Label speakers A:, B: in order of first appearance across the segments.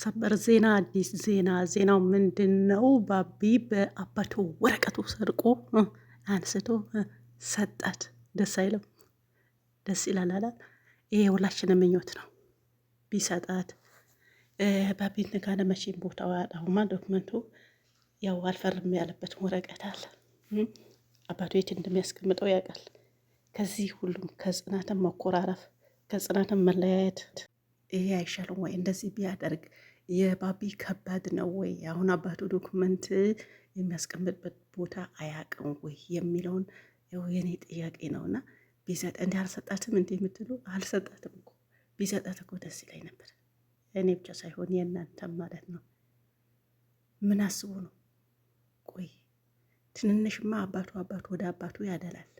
A: ሰበር ዜና፣ አዲስ ዜና። ዜናው ምንድን ነው? ባቢ በአባቱ ወረቀቱ ሰርቆ አንስቶ ሰጣት። ደስ አይልም? ደስ ይላል አላል? ይሄ ሁላችን ምኞት ነው። ቢሰጣት ባቢን ጋነ መቼም ቦታው ያጣሁማ። ዶክመንቱ ያው አልፈርም ያለበት ወረቀት አለ። አባቱ የት እንደሚያስቀምጠው ያውቃል። ከዚህ ሁሉም ከጽናትን መኮራረፍ፣ ከጽናትን መለያየት ይሄ አይሻልም ወይ? እንደዚህ ቢያደርግ የባቢ ከባድ ነው ወይ አሁን አባቱ ዶክመንት የሚያስቀምጥበት ቦታ አያውቅም ወይ የሚለውን የኔ ጥያቄ ነው። እና ቢሰጥ እንዲ አልሰጣትም እንዲ የምትሉ አልሰጣትም እኮ ቢሰጣት እኮ ደስ ይለኝ ነበር። እኔ ብቻ ሳይሆን የእናንተም ማለት ነው። ምን አስቡ ነው? ቆይ ትንንሽማ አባቱ አባቱ ወደ አባቱ ያደላል።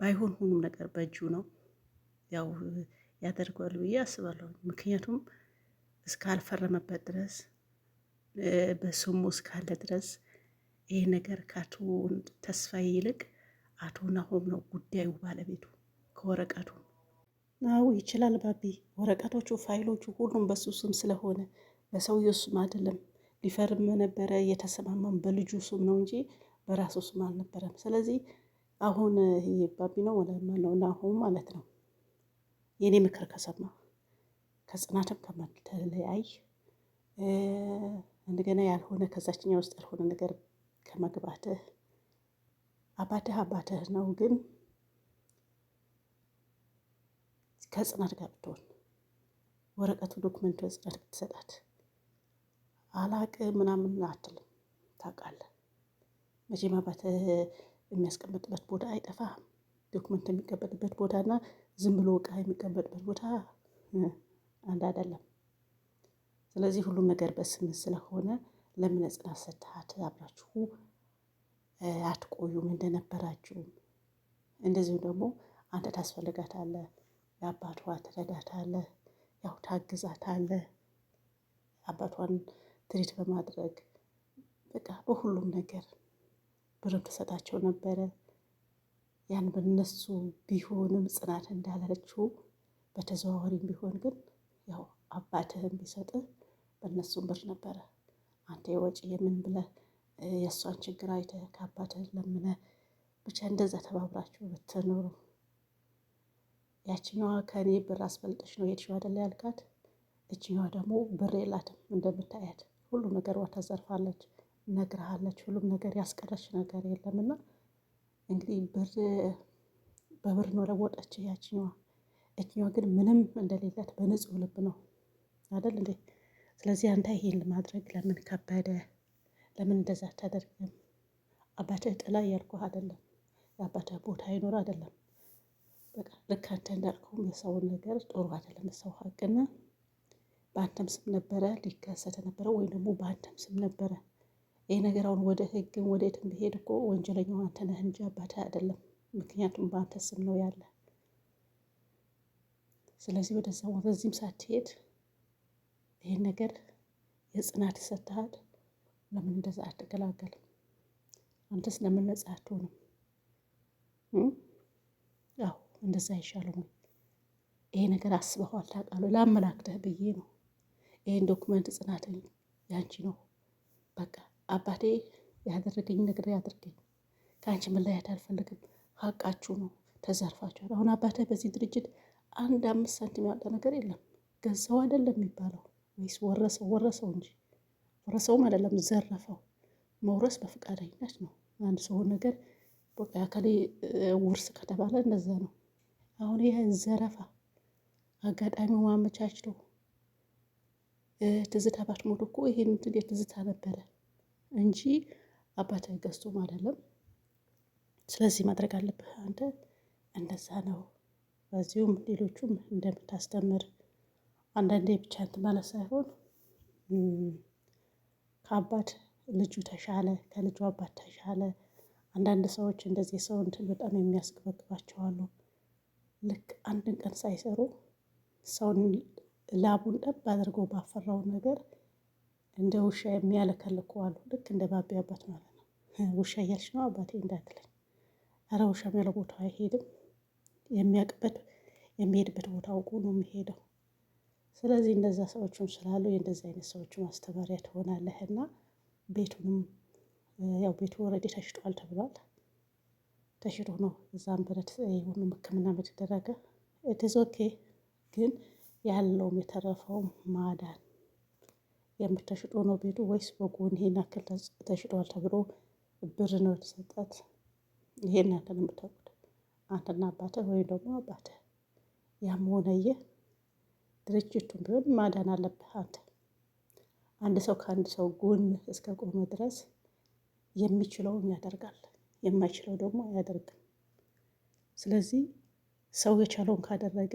A: ባይሆን ሁሉም ነገር በእጁ ነው ያው ያደርገዋል ብዬ አስባለሁ። ምክንያቱም እስካልፈረመበት ድረስ በስሙ እስካለ ድረስ ይሄ ነገር ከአቶ ተስፋዬ ይልቅ አቶ ናሆም ነው ጉዳዩ ባለቤቱ ከወረቀቱ አው ይችላል ባቢ ወረቀቶቹ ፋይሎቹ ሁሉም በሱ ስም ስለሆነ በሰውየው ስም አይደለም ሊፈርም ነበረ እየተሰማማም በልጁ ስም ነው እንጂ በራሱ ስም አልነበረም ስለዚህ አሁን ይሄ ባቢ ነው ወለማ ነው ናሆም ማለት ነው የኔ ምክር ከሰማ ከጽናትም ከመተለያይ እንደገና ያልሆነ ከዛችኛ ውስጥ ያልሆነ ነገር ከመግባትህ አባትህ አባትህ ነው፣ ግን ከጽናት ጋር ብትሆን ወረቀቱ ዶክመንቱ ጽናት ብትሰጣት አላቅ ምናምን አትልም። ታውቃለህ መቼም አባትህ የሚያስቀምጥበት ቦታ አይጠፋም። ዶክመንት የሚቀመጥበት ቦታና ዝም ብሎ እቃ የሚቀመጥበት ቦታ አንድ አይደለም። ስለዚህ ሁሉም ነገር በስም ስለሆነ ለምን ጽናት ሰጥሃት አብራችሁ አትቆዩም እንደነበራችሁም። እንደዚሁም ደግሞ አንተ ታስፈልጋታለህ፣ የአባቷ ትረዳታለህ፣ ያው ታግዛታለህ አባቷን ትሪት በማድረግ በቃ በሁሉም ነገር ብርም ትሰጣቸው ነበረ። ያን በነሱ ቢሆንም ጽናት እንዳለችው በተዘዋዋሪም ቢሆን ግን ያው አባትህን ቢሰጥህ በእነሱም ብር ነበረ አንተ ወጪ የምን ብለህ የእሷን ችግር አይተህ ከአባትህ ለምነ ብቻ እንደዛ ተባብራችሁ ብትኖሩ። ያችኛዋ ከእኔ ብር አስፈልጠሽ ነው የሄድሽው አይደለ ያልካት፣ እችኛዋ ደግሞ ብር የላትም እንደምታያት ሁሉ ነገሯ ተዘርፋለች፣ ነግረሃለች ሁሉም ነገር ያስቀረች ነገር የለምና እንግዲህ ብር በብር ነው ለወጠች ያችኛዋ። እችኛዋ ግን ምንም እንደሌላት በንጹህ ልብ ነው አደል እንዴ? ስለዚህ አንተ ይሄን ለማድረግ ለምን ከበደ? ለምን እንደዛ አታደርግም? አባትህ ጥላ እያልኩህ አደለም። የአባትህ ቦታ አይኖር አደለም። በቃ ልክ አንተ እንዳልከውም የሰውን ነገር ጥሩ አደለም። የሰው ሀቅና በአንተም ስም ነበረ ሊከሰተ ነበረ ወይም ደግሞ በአንተም ስም ነበረ ይህ ነገር አሁን ወደ ህግም ወደ የትም ብሄድ እኮ ወንጀለኛው አንተ ነህ እንጂ አባትህ አደለም። ምክንያቱም በአንተ ስም ነው ያለ ስለዚህ ወደዛ ወደዚህም ሳትሄድ ይህን ነገር የጽናት ይሰጥሃል። ለምን እንደዛ አትገላገልም? አንተስ ለምን ነጻ አትሆንም? ያው እንደዛ አይሻልም? ይሄ ነገር አስበኋል፣ ታውቃለህ፣ ላመላክተህ ብዬ ነው። ይህን ዶክመንት ጽናትን ያንቺ ነው። በቃ አባቴ ያደረገኝ ነገር ያድርገኝ። ከአንቺ መለያየት አልፈልግም። ሀቃችሁ ነው፣ ተዘርፋችኋል። አሁን አባትህ በዚህ ድርጅት አንድ አምስት ሳንቲም ያወጣ ነገር የለም። ገዛው አይደለም የሚባለው ወይስ ወረሰው? ወረሰው እንጂ ወረሰውም አይደለም ዘረፈው። መውረስ በፈቃደኝነት ነው። አንድ ሰው ነገር በቃ ከሌ ውርስ ከተባለ እንደዛ ነው። አሁን ይህ ዘረፋ አጋጣሚው ማመቻችቶ ትዝታ ባትሞት እኮ ይሄን እንትን የትዝታ ነበረ እንጂ አባት ገዝቶም አይደለም። ስለዚህ ማድረግ አለብህ አንተ። እንደዛ ነው። በዚሁም ሌሎቹም እንደምታስተምር አንዳንዴ ብቻ እንትን ማለት ሳይሆን ከአባት ልጁ ተሻለ፣ ከልጁ አባት ተሻለ። አንዳንድ ሰዎች እንደዚህ ሰው እንትን በጣም የሚያስገበግባቸው አሉ። ልክ አንድን ቀን ሳይሰሩ ሰውን ላቡን ጠብ አድርጎ ባፈራው ነገር እንደ ውሻ የሚያለከልኩ አሉ። ልክ እንደ ባቢ አባት ማለት ነው። ውሻ እያልሽ ነው አባቴ እንዳትለኝ፣ ኧረ ውሻ ያለ ቦታ አይሄድም የሚያውቅበት የሚሄድበት ቦታ አውቁ ነው የሚሄደው። ስለዚህ እንደዛ ሰዎችም ስላሉ የእንደዚህ አይነት ሰዎች ማስተማሪያ ትሆናለህ እና ቤቱንም ያው ቤቱ ወረዴ ተሽጧል ተብሏል። ተሽጦ ነው እዛም ብረት የሆኑም ሕክምና በተደረገ ኦኬ ግን ያለውም የተረፈውም ማዳን የምተሽጦ ነው ቤቱ ወይስ በጎን ይሄን ያክል ተሽጧል ተብሎ ብር ነው የተሰጣት? ይሄን ያክል የምታውቁት አንተና አባትህ ወይም ደግሞ አባትህ ያም ሆነ ይህ ድርጅቱን ቢሆን ማዳን አለብህ አንተ። አንድ ሰው ከአንድ ሰው ጎን እስከ ቆመ ድረስ የሚችለውን ያደርጋል፣ የማይችለው ደግሞ አያደርግም። ስለዚህ ሰው የቻለውን ካደረገ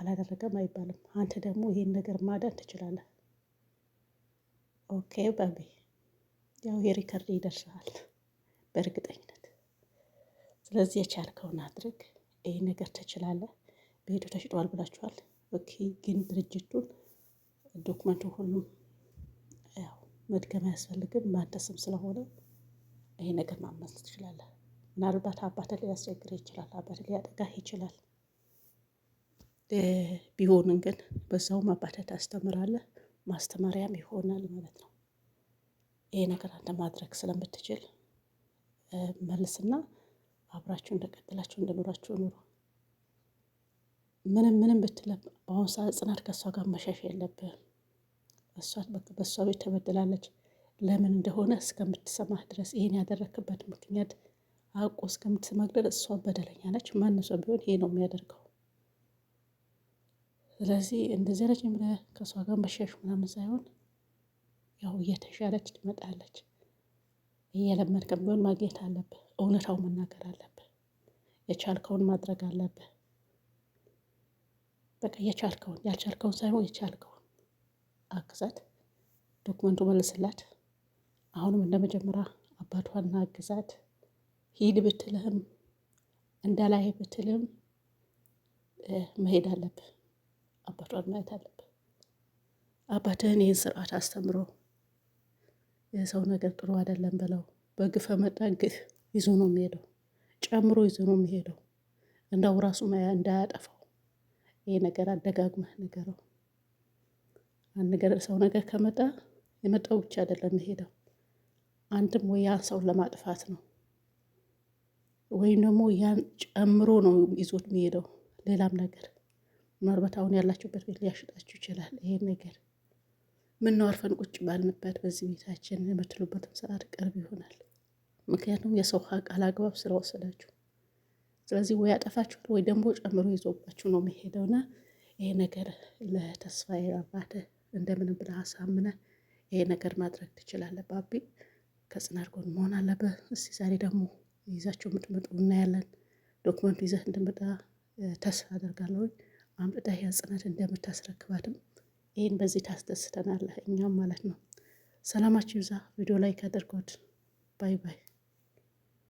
A: አላደረገም አይባልም። አንተ ደግሞ ይህን ነገር ማዳን ትችላለህ። ኦኬ ባቢ፣ ያው የሪከርድ ይደርሰሃል በእርግጠኝነት ስለዚህ የቻልከውን አድርግ። ይህ ነገር ትችላለህ። ቤቱ ተሽጧል ብላችኋል። ኦኬ፣ ግን ድርጅቱን ዶክመንቱ ሁሉም ያው መድገም አያስፈልግም። ማደስም ስለሆነ ይሄ ነገር ማመስ ትችላለህ። ምናልባት አባት ሊያስቸግር ይችላል፣ አባት ሊያጠጋህ ይችላል። ቢሆንም ግን በዛውም አባት ታስተምራለህ፣ ማስተማሪያም ይሆናል ማለት ነው። ይሄ ነገር አንተ ማድረግ ስለምትችል መልስና አብራችሁ እንደቀጥላችሁ እንደኖራችሁ ኑሮ ምንም ምንም ብትለብ በአሁኑ ሰዓት ጽናት ከእሷ ጋር መሻሽ የለብህም። በእሷ ቤት ተበድላለች። ለምን እንደሆነ እስከምትሰማህ ድረስ ይሄን ያደረክበት ምክንያት አውቆ እስከምትሰማህ ድረስ እሷ በደለኛ ነች። ማንም ሰው ቢሆን ይሄ ነው የሚያደርገው። ስለዚህ እንደዚህ ነች የምለ ከእሷ ጋር መሻሽ ምናምን ሳይሆን ያው እየተሻለች ትመጣለች። እየለመድከም ቢሆን ማግኘት አለብህ። እውነታው መናገር አለብህ። የቻልከውን ማድረግ አለብህ። በቃ የቻልከውን ያልቻልከውን ሳይሆን የቻልከውን አግዛት። ዶክመንቱ መልስላት። አሁንም እንደመጀመሪያ አባቷና አግዛት። ሂድ ብትልህም እንደላይ ብትልህም መሄድ አለብህ። አባቷን ማየት አለብህ። አባትህን ይህን ስርዓት አስተምሮ የሰው ነገር ጥሩ አይደለም ብለው በግፈ መጣ ይዞ ነው የሚሄደው፣ ጨምሮ ይዞ ነው የሚሄደው። እንዳው ራሱ እንዳያጠፋው ይሄ ነገር አደጋግመህ ነገረው። አንድ ነገር ሰው ነገር ከመጣ የመጣው ብቻ አይደለም የሚሄደው፣ አንድም ወይ ያን ሰውን ለማጥፋት ነው ወይም ደግሞ ያን ጨምሮ ነው ይዞት የሚሄደው። ሌላም ነገር ምናልባት አሁን ያላችሁበት ቤት ሊያሽጣችሁ ይችላል። ይሄን ነገር ነው አርፈን ቁጭ ባልንበት በዚህ ቤታችን የምትሉበትም ሰዓት ቅርብ ይሆናል። ምክንያቱም የሰው ሀቅ አላግባብ ስለወሰዳችሁ። ስለዚህ ወይ ያጠፋችኋል ወይ ደግሞ ጨምሮ ይዞባችሁ ነው የሚሄደውና ይሄ ነገር ለተስፋዬ አባትህ እንደምንም ብለ አሳምነ ይሄ ነገር ማድረግ ትችላለህ። ባቢ ከጽናት ጎን መሆን አለብህ። እስቲ ዛሬ ደግሞ ይዛቸው ምጥምጡ እናያለን። ዶክመንቱ ይዘህ እንደምጣ ተስፋ አደርጋለሁ። አምጥታ ያ ጽናት እንደምታስረክባትም ይህን በዚህ ታስደስተናለህ እኛም ማለት ነው። ሰላማችሁ ይብዛ። ቪዲዮ ላይክ አድርጎት ባይ ባይ